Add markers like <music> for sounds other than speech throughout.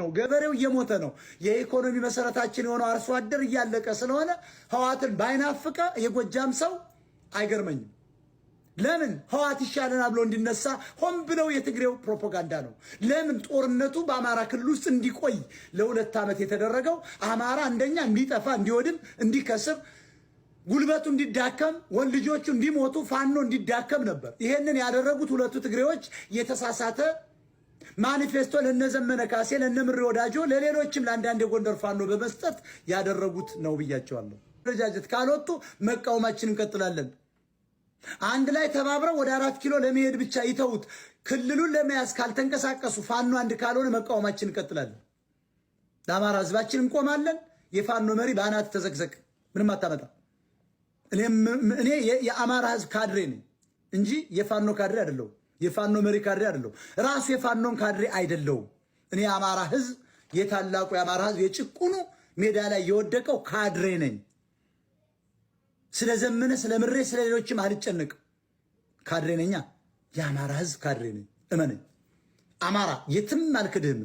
ነው። ገበሬው እየሞተ ነው። የኢኮኖሚ መሰረታችን የሆነው አርሶ አደር እያለቀ ስለሆነ ህዋትን ባይናፍቀ የጎጃም ሰው አይገርመኝም። ለምን ህዋት ይሻለና ብሎ እንዲነሳ ሆን ብለው የትግሬው ፕሮፓጋንዳ ነው። ለምን ጦርነቱ በአማራ ክልል ውስጥ እንዲቆይ ለሁለት ዓመት የተደረገው አማራ አንደኛ እንዲጠፋ፣ እንዲወድም፣ እንዲከስር ጉልበቱ እንዲዳከም ወንድ ልጆቹ እንዲሞቱ ፋኖ እንዲዳከም ነበር። ይሄንን ያደረጉት ሁለቱ ትግሬዎች የተሳሳተ ማኒፌስቶ ለነዘመነ ካሴ ለነምሪ ወዳጆ ለሌሎችም ለአንዳንድ የጎንደር ፋኖ በመስጠት ያደረጉት ነው ብያቸዋለሁ። ደረጃጀት ካልወጡ መቃወማችን እንቀጥላለን። አንድ ላይ ተባብረው ወደ አራት ኪሎ ለመሄድ ብቻ ይተውት። ክልሉን ለመያዝ ካልተንቀሳቀሱ ፋኖ አንድ ካልሆነ መቃወማችን እንቀጥላለን። ለአማራ ህዝባችን እንቆማለን። የፋኖ መሪ በአናት ተዘግዘግ ምንም አታመጣ። እኔ የአማራ ህዝብ ካድሬ ነኝ እንጂ የፋኖ ካድሬ አይደለሁም። የፋኖ መሪ ካድሬ አይደለሁም። ራሱ የፋኖን ካድሬ አይደለሁም። እኔ የአማራ ህዝብ የታላቁ የአማራ ህዝብ የጭቁኑ ሜዳ ላይ የወደቀው ካድሬ ነኝ። ስለ ዘመነ ስለ ምሬ ስለ ሌሎችም አልጨነቅም። ካድሬ ነኛ። የአማራ ህዝብ ካድሬ ነኝ። እመነኝ አማራ የትም አልክድህም።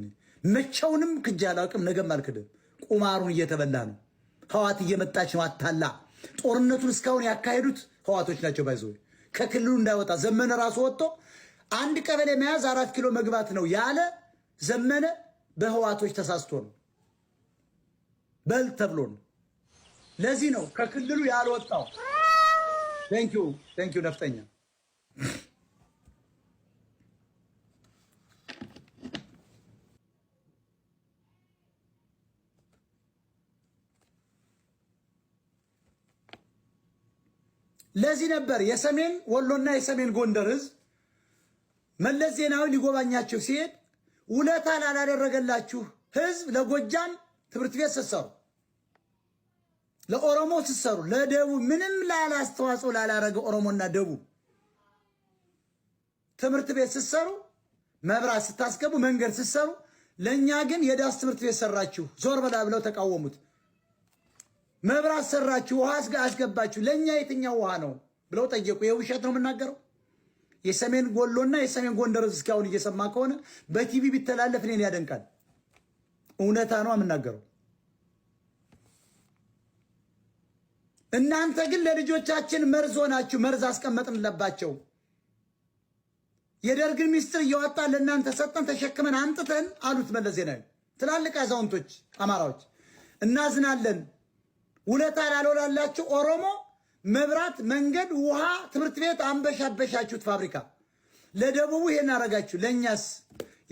መቼውንም ክጄ አላውቅም። ነገም አልክድህም። ቁማሩን እየተበላ ነው። ህዋት እየመጣች ነው። አታላ ጦርነቱን እስካሁን ያካሄዱት ህዋቶች ናቸው። ባይዘ ከክልሉ እንዳይወጣ ዘመነ ራሱ ወጥቶ አንድ ቀበሌ መያዝ አራት ኪሎ መግባት ነው ያለ ዘመነ በህዋቶች ተሳስቶ ነው። በል ተብሎ ነው። ለዚህ ነው ከክልሉ ያልወጣው። ቴንኪው ቴንኪው ነፍጠኛ ለዚህ ነበር የሰሜን ወሎና የሰሜን ጎንደር ህዝብ መለስ ዜናዊ ሊጎባኛችሁ ሲሄድ ውለታ ላላደረገላችሁ ህዝብ ለጎጃም ትምህርት ቤት ስትሰሩ፣ ለኦሮሞ ስትሰሩ፣ ለደቡብ ምንም ላላስተዋጽኦ አስተዋጽኦ ላላረገ ኦሮሞና ደቡብ ትምህርት ቤት ስትሰሩ፣ መብራት ስታስገቡ፣ መንገድ ስትሰሩ፣ ለእኛ ግን የዳስ ትምህርት ቤት ሰራችሁ፣ ዞር በላ ብለው ተቃወሙት። መብራት ሰራችሁ፣ ውሃ አስገባችሁ፣ ለእኛ የትኛው ውሃ ነው ብለው ጠየቁ። ይህ ውሸት ነው የምናገረው? የሰሜን ጎሎና የሰሜን ጎንደር እስካሁን እየሰማ ከሆነ በቲቪ ቢተላለፍ እኔን ያደንቃል። እውነታ ነው የምናገረው። እናንተ ግን ለልጆቻችን መርዝ ሆናችሁ መርዝ አስቀመጥንለባቸው። የደርግን ሚስጥር እያወጣን ለእናንተ ሰጠን፣ ተሸክመን አንጥተን አሉት መለስ ዜናዊ። ትላልቅ አዛውንቶች አማራዎች እናዝናለን፣ ውለታ ላልወላላችሁ ኦሮሞ መብራት፣ መንገድ፣ ውሃ፣ ትምህርት ቤት አንበሻበሻችሁት ፋብሪካ። ለደቡቡ ይሄን አረጋችሁ፣ ለእኛስ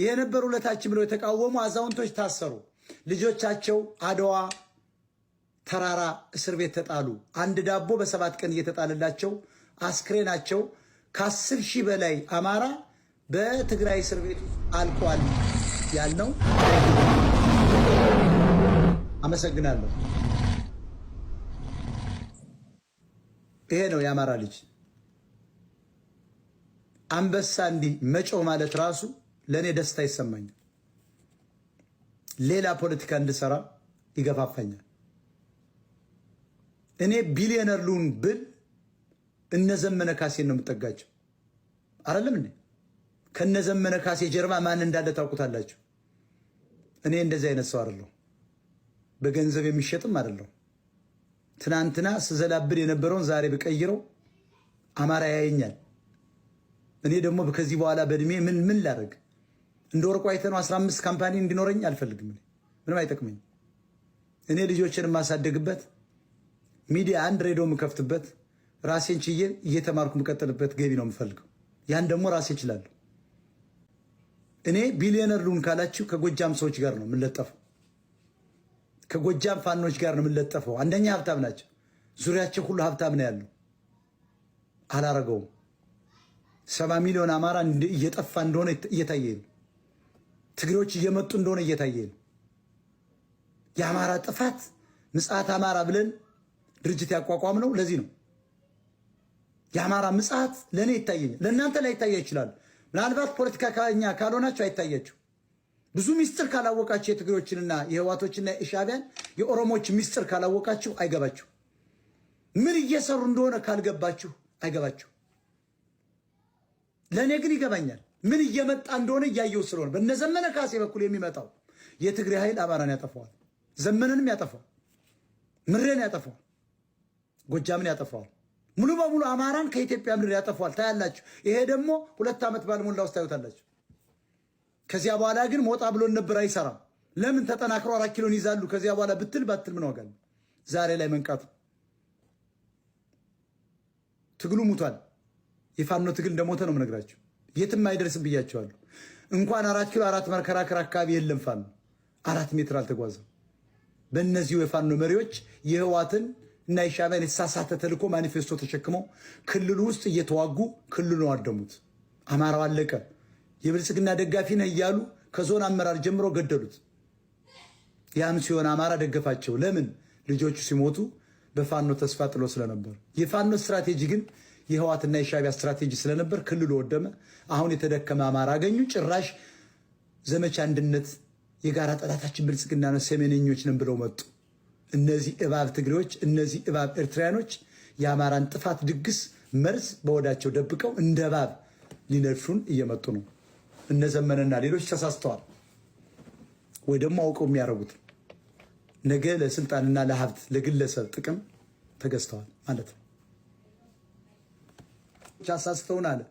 ይሄ ነበር ውለታችን ብለው የተቃወሙ አዛውንቶች ታሰሩ። ልጆቻቸው አድዋ ተራራ እስር ቤት ተጣሉ። አንድ ዳቦ በሰባት ቀን እየተጣለላቸው አስክሬናቸው ከአስር ሺህ በላይ አማራ በትግራይ እስር ቤት አልቋል ያልነው። አመሰግናለሁ። ይሄ ነው የአማራ ልጅ። አንበሳ እንዲህ መጮህ ማለት ራሱ ለእኔ ደስታ ይሰማኛል። ሌላ ፖለቲካ እንድሰራ ይገፋፋኛል። እኔ ቢሊዮነር ልሁን ብል እነዘመነ ካሴን ነው የምጠጋቸው። አይደለም እንዴ? ከነዘመነ ካሴ ጀርባ ማን እንዳለ ታውቁታላችሁ። እኔ እንደዚህ አይነት ሰው አይደለሁ። በገንዘብ የሚሸጥም አይደለሁ። ትናንትና ስዘላብድ የነበረውን ዛሬ ብቀይረው አማራ ያየኛል። እኔ ደግሞ ከዚህ በኋላ በእድሜ ምን ምን ላደርግ እንደ ወርቁ አይተነው 15 ካምፓኒ እንዲኖረኝ አልፈልግም። ምንም አይጠቅመኝ። እኔ ልጆችን የማሳደግበት ሚዲያ አንድ ሬዲዮ የምከፍትበት ራሴን ችዬ እየተማርኩ የምቀጥልበት ገቢ ነው የምፈልገው። ያን ደግሞ ራሴ እችላለሁ። እኔ ቢሊዮነር ልሁን ካላችሁ ከጎጃም ሰዎች ጋር ነው የምለጠፈው። ከጎጃም ፋኖች ጋር ነው የምንለጠፈው። አንደኛ ሀብታም ናቸው። ዙሪያቸው ሁሉ ሀብታም ነው ያለው። አላረገውም። ሰባ ሚሊዮን አማራ እየጠፋ እንደሆነ እየታየ ነው። ትግሬዎች እየመጡ እንደሆነ እየታየ ነው። የአማራ ጥፋት ምጽዓት አማራ ብለን ድርጅት ያቋቋም ነው። ለዚህ ነው የአማራ ምጽዓት ለእኔ ይታየኛል። ለእናንተ ላይ ይታያ ይችላል። ምናልባት ፖለቲካ ከኛ ካልሆናቸው አይታያችሁ ብዙ ሚስጥር ካላወቃችሁ የትግሮችንና የህዋቶችና የሻቢያን የኦሮሞች ሚስጥር ካላወቃችሁ አይገባችሁ። ምን እየሰሩ እንደሆነ ካልገባችሁ አይገባችሁ። ለእኔ ግን ይገባኛል። ምን እየመጣ እንደሆነ እያየው ስለሆነ ዘመነ ካሴ በኩል የሚመጣው የትግሬ ኃይል አማራን ያጠፋዋል፣ ዘመንንም ያጠፋዋል፣ ምሬን ያጠፋዋል፣ ጎጃምን ያጠፋዋል፣ ሙሉ በሙሉ አማራን ከኢትዮጵያ ምድር ያጠፋዋል። ታያላችሁ። ይሄ ደግሞ ሁለት ዓመት ባልሞላ ውስጥ ታዩታላችሁ። ከዚያ በኋላ ግን ሞጣ ብሎን ነበር አይሰራም። ለምን ተጠናክሮ አራት ኪሎን ይዛሉ። ከዚያ በኋላ ብትል ባትል ምን ዋጋ? ዛሬ ላይ መንቃቱ ትግሉ ሙቷል። የፋኖ ትግል እንደሞተ ነው የምነግራቸው። የትም አይደርስም ብያቸዋለሁ። እንኳን አራት ኪሎ አራት መከራከር አካባቢ የለም ፋኖ አራት ሜትር አልተጓዘም። በእነዚሁ የፋኖ መሪዎች የህዋትን እና የሻዕቢያን የተሳሳተ ተልእኮ ማኒፌስቶ ተሸክመው ክልሉ ውስጥ እየተዋጉ ክልሉ አደሙት። አማራው አለቀ። የብልጽግና ደጋፊ ነህ እያሉ ከዞን አመራር ጀምሮ ገደሉት። ያም ሲሆን አማራ ደገፋቸው። ለምን? ልጆቹ ሲሞቱ በፋኖ ተስፋ ጥሎ ስለነበር። የፋኖ ስትራቴጂ ግን የህዋትና የሻቢያ ስትራቴጂ ስለነበር ክልሉ ወደመ። አሁን የተደከመ አማራ አገኙ። ጭራሽ ዘመቻ አንድነት የጋራ ጠላታችን ብልጽግና ነው፣ ሰሜነኞች ነን ብለው መጡ። እነዚህ እባብ ትግሬዎች፣ እነዚህ እባብ ኤርትራያኖች የአማራን ጥፋት ድግስ መርዝ በወዳቸው ደብቀው እንደ እባብ ሊነድፉን እየመጡ ነው። እነዘመነና ሌሎች ተሳስተዋል ወይ ደግሞ አውቀው የሚያደርጉት ነገ ለስልጣንና ለሀብት ለግለሰብ ጥቅም ተገዝተዋል ማለት ነው። አሳስተውን አለ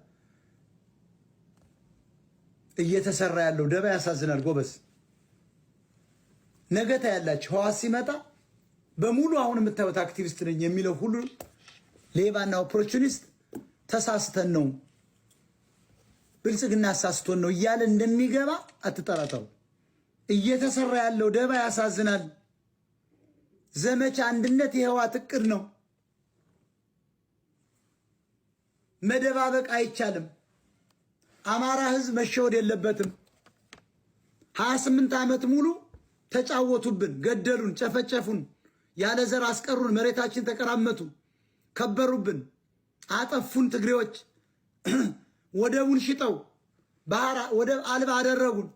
እየተሰራ ያለው ደባ ያሳዝናል። ጎበዝ ነገ ታያላችሁ። ህዋስ ሲመጣ በሙሉ አሁን የምታዩት አክቲቪስት ነኝ የሚለው ሁሉ ሌባና ኦፖርቹኒስት ተሳስተን ነው ብልጽግና አሳስቶን ነው እያለ እንደሚገባ አትጠራጠሩ። እየተሰራ ያለው ደባ ያሳዝናል። ዘመቻ አንድነት የህወሓት እቅድ ነው። መደባበቅ አይቻልም። አማራ ህዝብ መሸወድ የለበትም። ስምንት ዓመት ሙሉ ተጫወቱብን፣ ገደሉን፣ ጨፈጨፉን፣ ያለ ዘር አስቀሩን፣ መሬታችን ተቀራመቱ፣ ከበሩብን፣ አጠፉን ትግሬዎች <clears throat> ወደቡን ሽጠው ወደብ አልባ አደረጉን።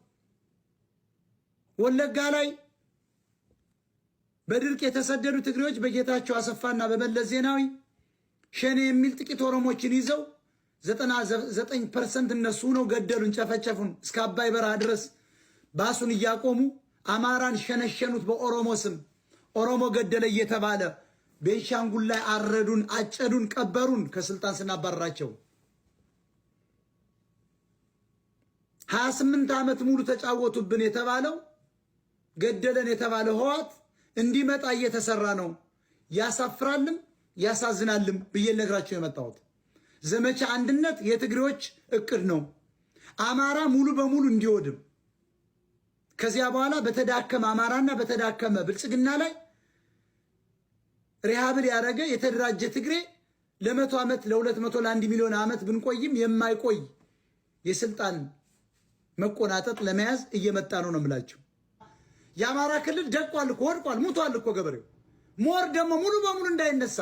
ወለጋ ላይ በድርቅ የተሰደዱ ትግሬዎች በጌታቸው አሰፋና በመለስ ዜናዊ ሸኔ የሚል ጥቂት ኦሮሞችን ይዘው ዘጠና ዘጠኝ ፐርሰንት እነሱ ነው ገደሉን፣ ጨፈጨፉን። እስከ አባይ በረሃ ድረስ ባሱን እያቆሙ አማራን ሸነሸኑት በኦሮሞ ስም። ኦሮሞ ገደለ እየተባለ ቤንሻንጉል ላይ አረዱን፣ አጨዱን፣ ቀበሩን ከስልጣን ስናባረራቸው ሀያ ስምንት ዓመት ሙሉ ተጫወቱብን የተባለው ገደለን የተባለው ህዋት እንዲመጣ እየተሰራ ነው። ያሳፍራልም ያሳዝናልም ብዬ ነግራቸው የመጣሁት ዘመቻ አንድነት የትግሬዎች እቅድ ነው። አማራ ሙሉ በሙሉ እንዲወድም ከዚያ በኋላ በተዳከመ አማራና በተዳከመ ብልጽግና ላይ ሪሃብል ያደረገ የተደራጀ ትግሬ ለመቶ ዓመት ለሁለት መቶ ለአንድ ሚሊዮን ዓመት ብንቆይም የማይቆይ የስልጣን መቆናጠጥ ለመያዝ እየመጣ ነው ነው የምላቸው። የአማራ ክልል ደቋል እኮ ወድቋል፣ ሙቷል እኮ ገበሬው። ሞር ደግሞ ሙሉ በሙሉ እንዳይነሳ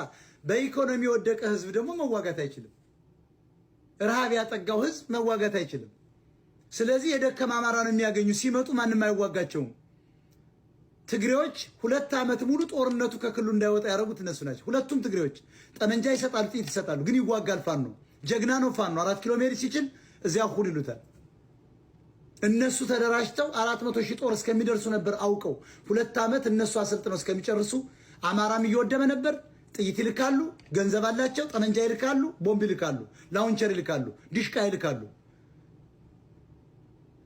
በኢኮኖሚ የወደቀ ህዝብ ደግሞ መዋጋት አይችልም። ረሃብ ያጠጋው ህዝብ መዋጋት አይችልም። ስለዚህ የደከመ አማራ ነው የሚያገኙ። ሲመጡ ማንም አይዋጋቸውም። ትግሬዎች ሁለት ዓመት ሙሉ ጦርነቱ ከክልሉ እንዳይወጣ ያደረጉት እነሱ ናቸው። ሁለቱም ትግሬዎች ጠመንጃ ይሰጣሉ፣ ጥይት ይሰጣሉ፣ ግን ይዋጋል። ፋኖ ጀግና ነው። ፋኖ አራት ኪሎ ሜትር ሲችል እዚያ ሁሉ ይሉታል። እነሱ ተደራጅተው አራት መቶ ሺህ ጦር እስከሚደርሱ ነበር አውቀው ሁለት ዓመት እነሱ አሰልጥነው እስከሚጨርሱ አማራም እየወደመ ነበር። ጥይት ይልካሉ፣ ገንዘብ አላቸው፣ ጠመንጃ ይልካሉ፣ ቦምብ ይልካሉ፣ ላውንቸር ይልካሉ፣ ዲሽቃ ይልካሉ።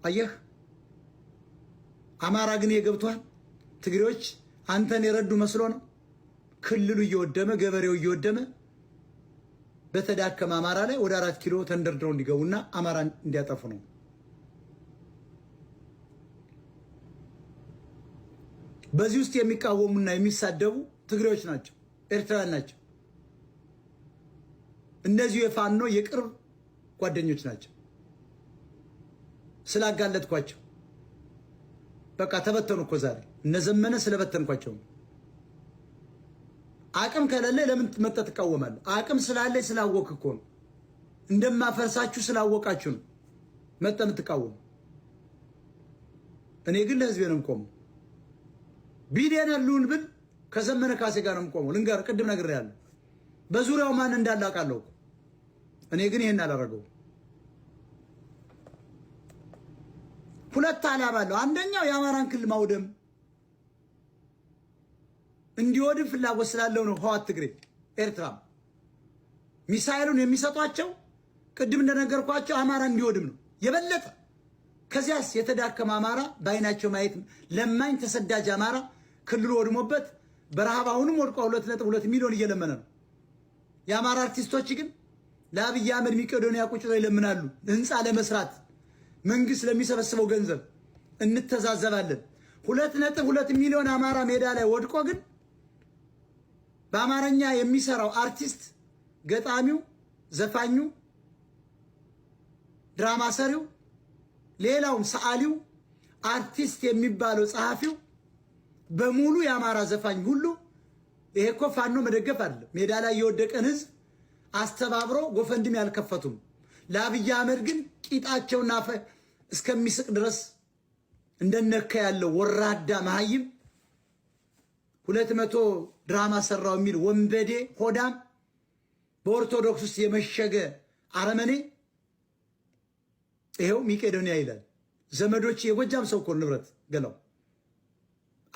አየህ አማራ ግን የገብቷል። ትግሬዎች አንተን የረዱ መስሎ ነው። ክልሉ እየወደመ ገበሬው እየወደመ በተዳከመ አማራ ላይ ወደ አራት ኪሎ ተንደርድረው እንዲገቡና አማራን እንዲያጠፉ ነው። በዚህ ውስጥ የሚቃወሙና የሚሳደቡ ትግሬዎች ናቸው፣ ኤርትራውያን ናቸው። እነዚሁ የፋኖ የቅርብ ጓደኞች ናቸው። ስላጋለጥኳቸው በቃ ተበተኑ እኮ ዛሬ እነዘመነ ስለበተንኳቸው። አቅም ከሌለ ለምን መጣ ትቃወማለህ? አቅም ስላለ ስላወቅ እኮ ነው። እንደማፈርሳችሁ ስላወቃችሁ ነው መጣ የምትቃወሙ። እኔ ግን ለህዝቤ ነው የምቆመው። ቢሊየን ያሉን ብል ከዘመነ ካሴ ጋር ነው የምቆመው። ልንገርህ፣ ቅድም ነግሬሃለሁ። በዙሪያው ማን እንዳለ አውቃለሁ። እኔ ግን ይህን አላደረገውም። ሁለት ዓላማ አለው። አንደኛው የአማራን ክልል ማውደም እንዲወድም ፍላጎት ስላለው ነው። ህዋት ትግሬ፣ ኤርትራ ሚሳኤሉን የሚሰጧቸው ቅድም እንደነገርኳቸው አማራ እንዲወድም ነው የበለጠ ከዚያስ የተዳከመ አማራ በአይናቸው ማየት ለማኝ ተሰዳጅ አማራ ክልሉ ወድሞበት በረሃብ አሁንም ወድቆ ሁለት ነጥብ ሁለት ሚሊዮን እየለመነ ነው። የአማራ አርቲስቶች ግን ለአብይ አህመድ መቄዶንያ ቁጭ ብለው ይለምናሉ። ህንፃ ለመስራት መንግስት ለሚሰበስበው ገንዘብ እንተዛዘባለን። ሁለት ነጥብ ሁለት ሚሊዮን አማራ ሜዳ ላይ ወድቆ ግን በአማርኛ የሚሰራው አርቲስት ገጣሚው፣ ዘፋኙ፣ ድራማ ሰሪው ሌላውም ሰዓሊው አርቲስት የሚባለው ጸሐፊው በሙሉ የአማራ ዘፋኝ ሁሉ ይሄ እኮ ፋኖ መደገፍ አለ። ሜዳ ላይ የወደቀን ህዝብ አስተባብሮ ጎፈንድም ያልከፈቱም ለአብይ አህመድ ግን ቂጣቸውና እስከሚስቅ ድረስ እንደነካ ያለው ወራዳ መሀይም ሁለት መቶ ድራማ ሰራው የሚል ወንበዴ ሆዳም በኦርቶዶክስ ውስጥ የመሸገ አረመኔ ይኸው ሚቄዶኒያ ይላል። ዘመዶች የጎጃም ሰው እኮ ንብረት ገላው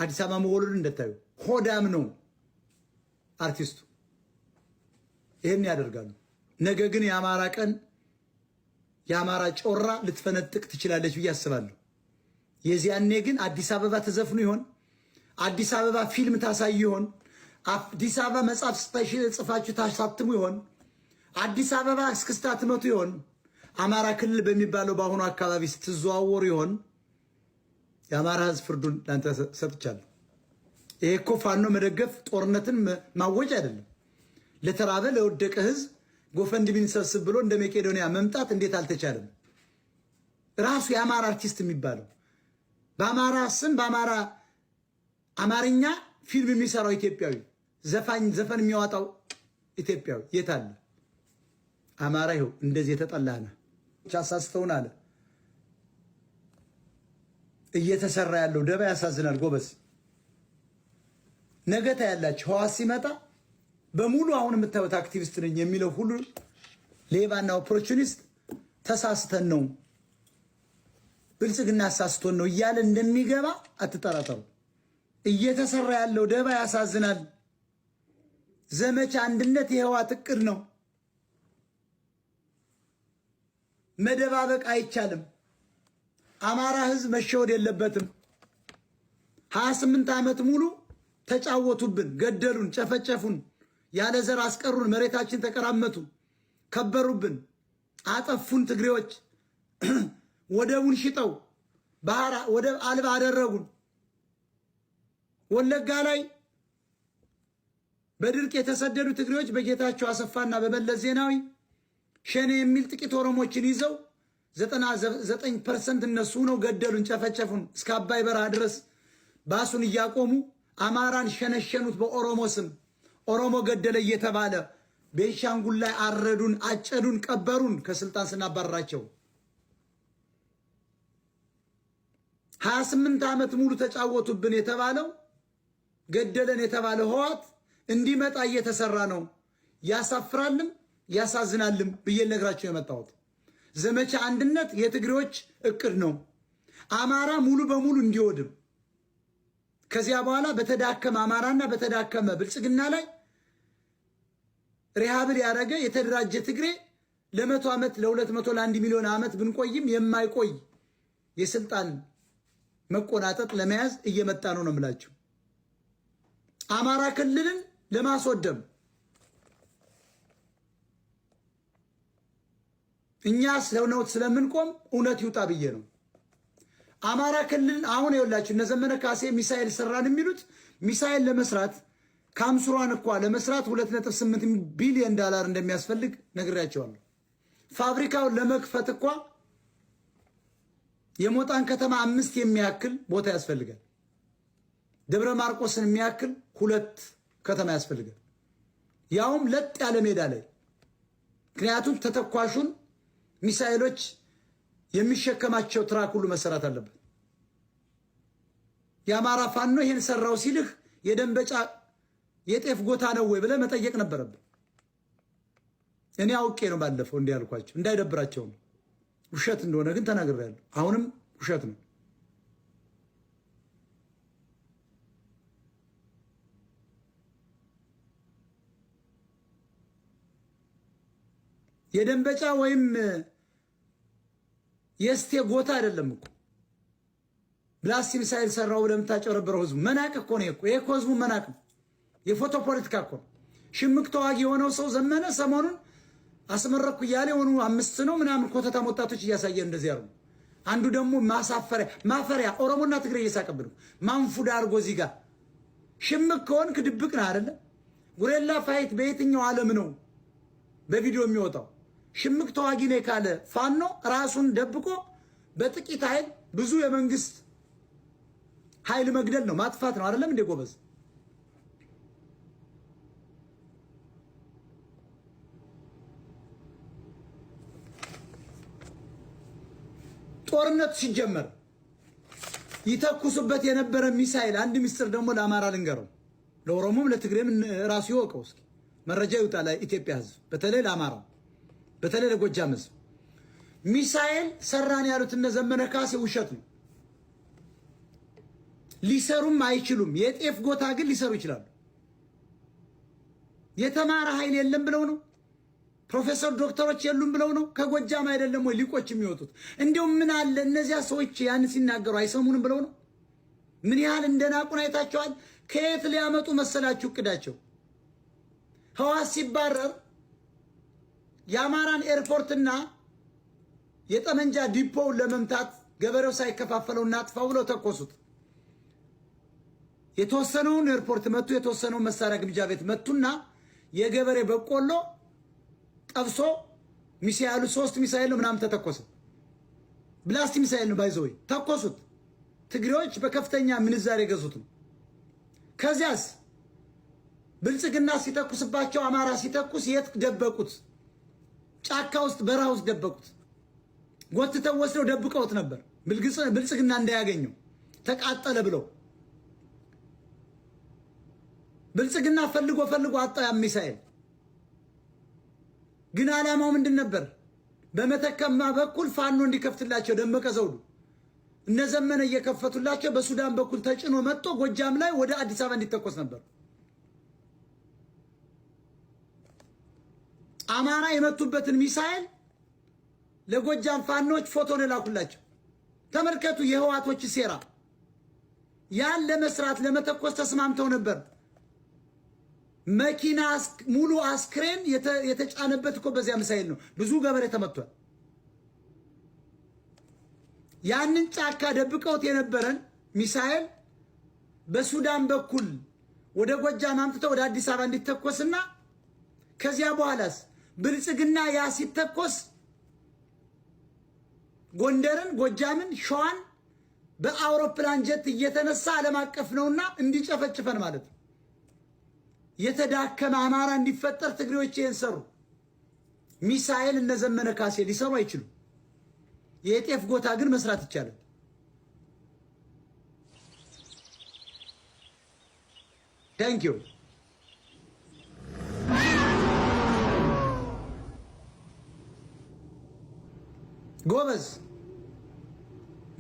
አዲስ አበባ መወለዱን እንደታዩ ሆዳም ነው አርቲስቱ። ይህን ያደርጋሉ። ነገ ግን የአማራ ቀን የአማራ ጮራ ልትፈነጥቅ ትችላለች ብዬ አስባለሁ። የዚያኔ ግን አዲስ አበባ ተዘፍኑ ይሆን? አዲስ አበባ ፊልም ታሳይ ይሆን? አዲስ አበባ መጽሐፍ ጽፋችሁ ታሳትሙ ይሆን? አዲስ አበባ እስክስታ ትመቱ ይሆን? አማራ ክልል በሚባለው በአሁኑ አካባቢ ስትዘዋወር ይሆን የአማራ ህዝብ ፍርዱን ለአንተ ሰጥቻለሁ። ይሄ እኮ ፋኖ መደገፍ ጦርነትን ማወጅ አይደለም። ለተራበ ለወደቀ ህዝብ ጎፈንድሚን ሰብስብ ብሎ እንደ መቄዶንያ መምጣት እንዴት አልተቻለም? ራሱ የአማራ አርቲስት የሚባለው በአማራ ስም በአማራ አማርኛ ፊልም የሚሰራው ኢትዮጵያዊ ዘፋኝ ዘፈን የሚያወጣው ኢትዮጵያዊ የት አለ? አማራ ይኸው እንደዚህ የተጠላ ነህ። አሳስተውን አለ እየተሰራ ያለው ደባ ያሳዝናል። ጎበዝ ነገታ ያላችሁ ህዋስ ሲመጣ በሙሉ አሁን የምታዩት አክቲቪስት ነኝ የሚለው ሁሉ ሌባና ኦፖርቹኒስት ተሳስተን ነው ብልጽግና አሳስቶን ነው እያለ እንደሚገባ አትጠራጠሩ። እየተሰራ ያለው ደባ ያሳዝናል። ዘመቻ አንድነት የህዋት እቅድ ነው። መደባበቅ አይቻልም። አማራ ህዝብ መሸወድ የለበትም። ሀያ ስምንት ዓመት ሙሉ ተጫወቱብን፣ ገደሉን፣ ጨፈጨፉን፣ ያለ ዘር አስቀሩን፣ መሬታችን ተቀራመቱ፣ ከበሩብን፣ አጠፉን። ትግሬዎች <clears throat> ወደቡን ሽጠው ባህር ወደብ አልባ አደረጉን። ወለጋ ላይ በድርቅ የተሰደዱ ትግሬዎች በጌታቸው አሰፋና በመለስ ዜናዊ ሸኔ የሚል ጥቂት ኦሮሞችን ይዘው ዘጠና ዘጠኝ ፐርሰንት እነሱ ነው ገደሉን፣ ጨፈጨፉን እስከ አባይ በረሃ ድረስ ባሱን እያቆሙ አማራን ሸነሸኑት በኦሮሞ ስም ኦሮሞ ገደለ እየተባለ ቤንሻንጉል ላይ አረዱን፣ አጨዱን፣ ቀበሩን ከስልጣን ስናባረራቸው ሀያ ስምንት ዓመት ሙሉ ተጫወቱብን የተባለው ገደለን የተባለ ህዋት እንዲመጣ እየተሰራ ነው። ያሳፍራልም ያሳዝናልም ብዬ ነግራቸው የመጣሁት ዘመቻ አንድነት የትግሬዎች እቅድ ነው። አማራ ሙሉ በሙሉ እንዲወድም ከዚያ በኋላ በተዳከመ አማራና በተዳከመ ብልጽግና ላይ ሪሃብል ያደረገ የተደራጀ ትግሬ ለመቶ ዓመት ለሁለት መቶ ለአንድ ሚሊዮን ዓመት ብንቆይም የማይቆይ የስልጣን መቆናጠጥ ለመያዝ እየመጣ ነው ነው የምላችሁ። አማራ ክልልን ለማስወደም እኛ ስለነውት ስለምንቆም እውነት ይውጣ ብዬ ነው። አማራ ክልል አሁን የወላችሁ እነ ዘመነ ካሴ ሚሳኤል ሰራን የሚሉት ሚሳኤል ለመስራት ካምስሯን እንኳ ለመስራት 2.8 ቢሊዮን ዶላር እንደሚያስፈልግ ነግሬያቸዋለሁ። ፋብሪካውን ለመክፈት እኳ የሞጣን ከተማ አምስት የሚያክል ቦታ ያስፈልጋል። ደብረ ማርቆስን የሚያክል ሁለት ከተማ ያስፈልጋል። ያውም ለጥ ያለ ሜዳ ላይ ምክንያቱም ተተኳሹን ሚሳኤሎች የሚሸከማቸው ትራክ ሁሉ መሰራት አለበት። የአማራ ፋኖ ይህን ሰራው ሲልህ የደንበጫ የጤፍ ጎታ ነው ወይ ብለህ መጠየቅ ነበረብን። እኔ አውቄ ነው ባለፈው እንዲህ ያልኳቸው እንዳይደብራቸው ነው። ውሸት እንደሆነ ግን ተናግሬያለሁ። አሁንም ውሸት ነው። የደንበጫ ወይም የስቴ ጎታ አይደለም እኮ ብላስቲ ሚሳይል ሰራው ብለህ የምታጨረብረው ህዝቡ መናቅ እኮ ነው እኮ። ህዝቡ መናቅ ነው። የፎቶ ፖለቲካ እኮ ነው። ሽምቅ ተዋጊ የሆነው ሰው ዘመነ ሰሞኑን አስመረኩ እያለ የሆኑ አምስት ነው ምናምን ኮተታ ወጣቶች እያሳየ እንደዚህ ያሉ አንዱ ደግሞ ማሳፈሪያ ማፈሪያ ኦሮሞና ትግሬ እየሳቀብ ነው። ማንፉድ አድርጎ እዚህ ጋር ሽምቅ ከሆንክ ድብቅ ነህ አይደለ? ጉሬላ ፋይት በየትኛው ዓለም ነው በቪዲዮ የሚወጣው? ሽምቅ ተዋጊ ነኝ ካለ ፋኖ ራሱን ደብቆ በጥቂት ኃይል ብዙ የመንግስት ኃይል መግደል ነው ማጥፋት ነው። አይደለም እንዴ ጎበዝ? ጦርነት ሲጀመር ይተኩሱበት የነበረ ሚሳኤል አንድ ሚስጥር ደግሞ ለአማራ ልንገረው፣ ለኦሮሞም ለትግሬም ራሱ ይወቀው። እስኪ መረጃ ይውጣ ለኢትዮጵያ ሕዝብ በተለይ ለአማራው በተለይ ለጎጃም ህዝብ ሚሳኤል ሰራን ያሉት እነ ዘመነ ካሴ ውሸት ነው። ሊሰሩም አይችሉም። የጤፍ ጎታ ግን ሊሰሩ ይችላሉ። የተማረ ኃይል የለም ብለው ነው። ፕሮፌሰር ዶክተሮች የሉም ብለው ነው። ከጎጃም አይደለም ወይ ሊቆች የሚወጡት? እንዲሁም ምን አለ እነዚያ ሰዎች ያን ሲናገሩ አይሰሙንም ብለው ነው። ምን ያህል እንደናቁን አይታቸዋል። ከየት ሊያመጡ መሰላችሁ እቅዳቸው? ህዋስ ሲባረር የአማራን ኤርፖርትና የጠመንጃ ዲፖውን ለመምታት ገበሬው ሳይከፋፈለው እናጥፋው ብለው ተኮሱት። የተወሰነውን ኤርፖርት መቱ፣ የተወሰነውን መሳሪያ ግምጃ ቤት መቱና የገበሬ በቆሎ ጠብሶ ሚሳይሉ ሶስት ሚሳይል ነው ምናምን ተተኮሰ። ብላስቲ ሚሳይል ነው ባይዘወይ ተኮሱት። ትግሬዎች በከፍተኛ ምንዛሬ የገዙት ነው። ከዚያስ ብልጽግና ሲተኩስባቸው አማራ ሲተኩስ የት ደበቁት? ጫካ ውስጥ በረሃ ውስጥ ደበቁት። ጎትተው ወስደው ደብቀውት ነበር ብልጽግና እንዳያገኘው ተቃጠለ ብለው ብልጽግና ፈልጎ ፈልጎ አጣ። ያ ሚሳኤል ግን ዓላማው ምንድን ነበር? በመተከማ በኩል ፋኖ እንዲከፍትላቸው ደመቀ ዘውዱ እነ ዘመነ እየከፈቱላቸው በሱዳን በኩል ተጭኖ መጥቶ ጎጃም ላይ ወደ አዲስ አበባ እንዲተኮስ ነበር። አማራ የመቱበትን ሚሳኤል ለጎጃም ፋኖች ፎቶ የላኩላቸው። ተመልከቱ፣ የህዋቶች ሴራ። ያን ለመስራት ለመተኮስ ተስማምተው ነበር። መኪና ሙሉ አስክሬን የተጫነበት እኮ በዚያ ሚሳኤል ነው። ብዙ ገበሬ ተመቷል። ያንን ጫካ ደብቀውት የነበረን ሚሳኤል በሱዳን በኩል ወደ ጎጃም አምጥተው ወደ አዲስ አበባ እንዲተኮስና ከዚያ በኋላስ ብልጽግና ያ ሲተኮስ ጎንደርን፣ ጎጃምን፣ ሸዋን በአውሮፕላን ጀት እየተነሳ ዓለም አቀፍ ነውና እንዲጨፈጭፈን ማለት ነው። የተዳከመ አማራ እንዲፈጠር ትግሬዎች ይህን ሰሩ። ሚሳኤል እነዘመነ ካሴ ሊሰሩ አይችሉም። የጤፍ ጎታ ግን መስራት ይቻላል። ታንኪዩ ጎበዝ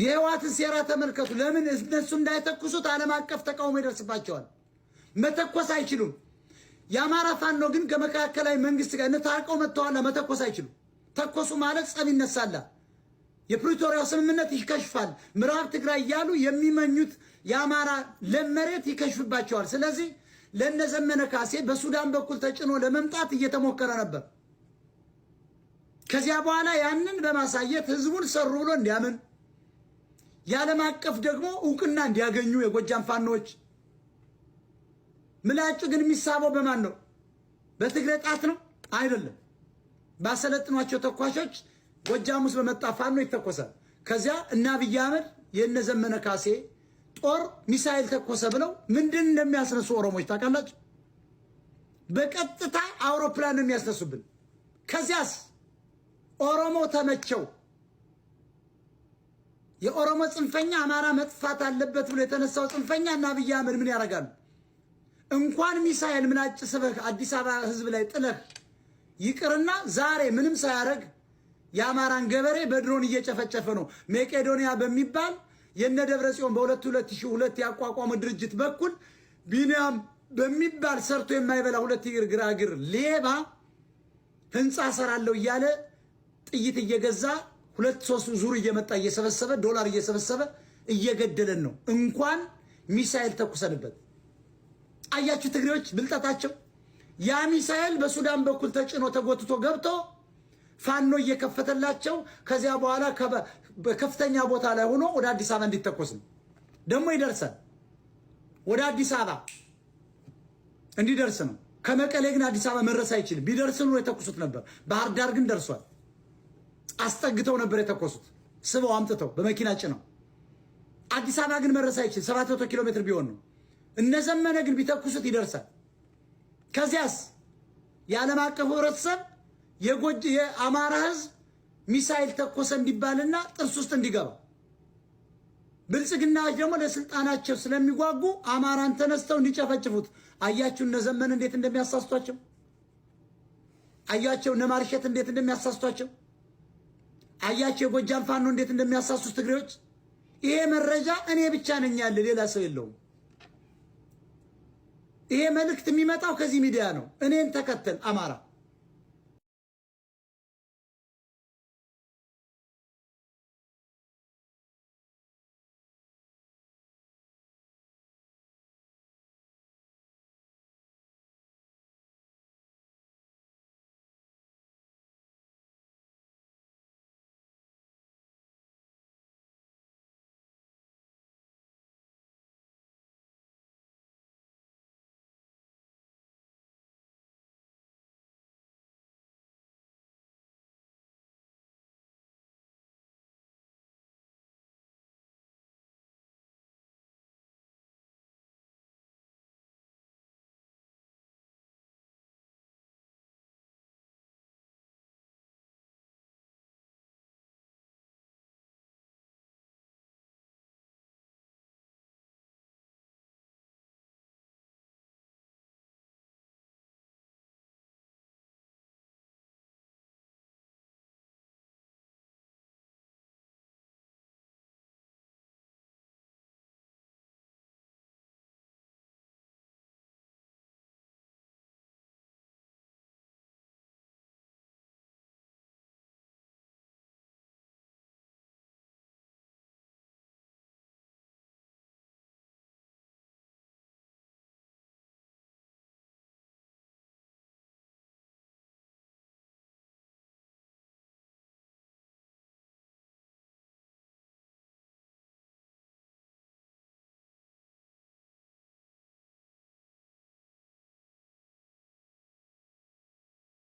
የህወሓትን ሴራ ተመልከቱ። ለምን እነሱ እንዳይተኩሱት ዓለም አቀፍ ተቃውሞ ይደርስባቸዋል። መተኮስ አይችሉም። የአማራ ፋኖ ግን ከመካከላዊ መንግስት ጋር ታርቀው መጥተዋላ። መተኮስ አይችሉም። ተኮሱ ማለት ጸብ ይነሳላ። የፕሪቶሪያው ስምምነት ይከሽፋል። ምዕራብ ትግራይ እያሉ የሚመኙት የአማራ ለም መሬት ይከሽፍባቸዋል። ስለዚህ ለነዘመነ ካሴ በሱዳን በኩል ተጭኖ ለመምጣት እየተሞከረ ነበር። ከዚያ በኋላ ያንን በማሳየት ህዝቡን ሰሩ ብሎ እንዲያምን የዓለም አቀፍ ደግሞ እውቅና እንዲያገኙ የጎጃም ፋኖች። ምላጩ ግን የሚሳበው በማን ነው? በትግሬ ጣት ነው አይደለም። ባሰለጥኗቸው ተኳሾች ጎጃም ውስጥ በመጣ ፋኖ ይተኮሳል። ከዚያ እና አብይ አህመድ የእነ ዘመነ ካሴ ጦር ሚሳኤል ተኮሰ ብለው ምንድን እንደሚያስነሱ ኦሮሞች ታውቃላችሁ? በቀጥታ አውሮፕላን ነው የሚያስነሱብን። ከዚያስ ኦሮሞ ተመቸው። የኦሮሞ ጽንፈኛ አማራ መጥፋት አለበት ብሎ የተነሳው ጽንፈኛ እና አብይ አህመድ ምን ያደርጋሉ? እንኳን ሚሳኤል ምን ስበህ አዲስ አበባ ህዝብ ላይ ጥለህ ይቅርና ዛሬ ምንም ሳያደርግ የአማራን ገበሬ በድሮን እየጨፈጨፈ ነው። ሜቄዶንያ በሚባል የነ ደብረ ጽዮን በ ሁለት ያቋቋመ ድርጅት በኩል ቢኒያም በሚባል ሰርቶ የማይበላ ሁለት እግር ግራግር ሌባ ህንፃ ሰራለሁ እያለ ጥይት እየገዛ ሁለት ሶስት ዙር እየመጣ እየሰበሰበ ዶላር እየሰበሰበ እየገደለን ነው። እንኳን ሚሳኤል ተኩሰንበት። አያችሁ ትግሬዎች ብልጠታቸው። ያ ሚሳኤል በሱዳን በኩል ተጭኖ ተጎትቶ ገብቶ ፋኖ እየከፈተላቸው ከዚያ በኋላ በከፍተኛ ቦታ ላይ ሆኖ ወደ አዲስ አበባ እንዲተኮስ ነው። ደግሞ ይደርሳል። ወደ አዲስ አበባ እንዲደርስ ነው። ከመቀሌ ግን አዲስ አበባ መድረስ አይችልም። ቢደርስ ኑሮ የተኩሱት ነበር። ባህር ዳር ግን ደርሷል። አስጠግተው ነበር የተኮሱት። ስበው አምጥተው በመኪና ጭነው። አዲስ አበባ ግን መረስ አይችል ሰባት መቶ ኪሎ ሜትር ቢሆን ነው። እነዘመነ ግን ቢተኩሱት ይደርሳል። ከዚያስ የዓለም አቀፉ ህብረተሰብ የጎጅ የአማራ ህዝብ ሚሳይል ተኮሰ እንዲባልና ጥርስ ውስጥ እንዲገባ ብልጽግናዎች ደግሞ ለስልጣናቸው ስለሚጓጉ አማራን ተነስተው እንዲጨፈጭፉት። አያችሁ እነ ዘመን እንዴት እንደሚያሳስቷቸው። አያቸው እነ ማርሸት እንዴት እንደሚያሳስቷቸው። አያቸው የጎጃም ፋኖ እንዴት እንደሚያሳሱት ትግሬዎች። ይሄ መረጃ እኔ ብቻ ነኝ ያለ ሌላ ሰው የለውም። ይሄ መልእክት የሚመጣው ከዚህ ሚዲያ ነው። እኔን ተከተል አማራ